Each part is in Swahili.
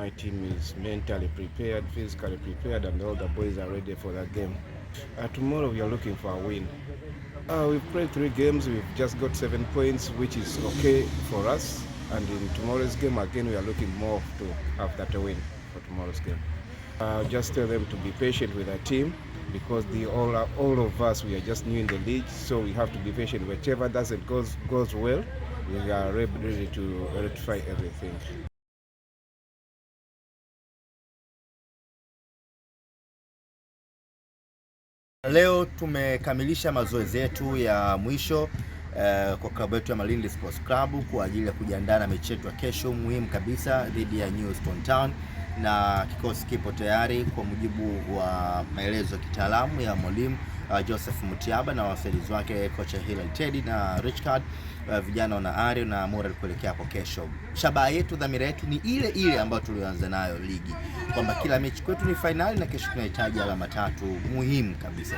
my team is mentally prepared, physically prepared, and all the boys are ready for that game. Uh, tomorrow we are looking for a win. Uh, we've played three games, we've just got seven points, which is okay for us. And in tomorrow's game, again, we are looking more to have that win for tomorrow's game. Uh, just tell them to be patient with our team because the, all, all of us, we are just new in the league, so we have to be patient. Whichever doesn't goes, goes well, we are ready to rectify everything. Leo tumekamilisha mazoezi yetu ya mwisho eh, kwa klabu yetu ya Malindi Sports Club kwa ajili ya kujiandaa na mechi yetu ya kesho muhimu kabisa dhidi ya New Stone Town, na kikosi kipo tayari kwa mujibu wa maelezo ya kitaalamu ya mwalimu uh, Joseph Mutiaba na wasaidizi wake kocha Hilal Teddy na Richard uh, vijana na ari na moral kuelekea hapo kesho. Shabaha yetu, dhamira yetu ni ile ile ambayo tulianza nayo ligi, kwamba kila mechi kwetu ni fainali na kesho tunahitaji alama tatu muhimu kabisa.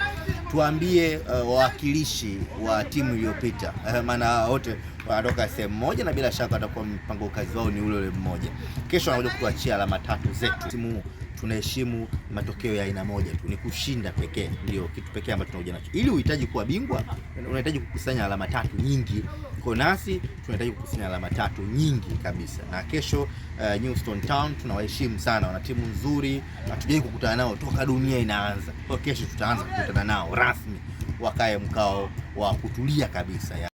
Tuambie uh, wawakilishi wa timu iliyopita uh, maana wote wanatoka sehemu moja na bila shaka watakuwa mpango kazi wao ni ule ule mmoja. Kesho wanakuja kutuachia alama tatu zetu timu tunaheshimu matokeo ya aina moja tu, ni kushinda pekee, ndio kitu pekee ambacho tunakuja nacho. Ili uhitaji kuwa bingwa, unahitaji kukusanya alama tatu nyingi, kwa nasi tunahitaji kukusanya alama tatu nyingi kabisa. Na kesho uh, eh, Newstone Town tunawaheshimu sana, wana timu nzuri, hatujai kukutana nao toka dunia inaanza. Kwa kesho tutaanza kukutana nao rasmi, wakae mkao wa kutulia kabisa ya.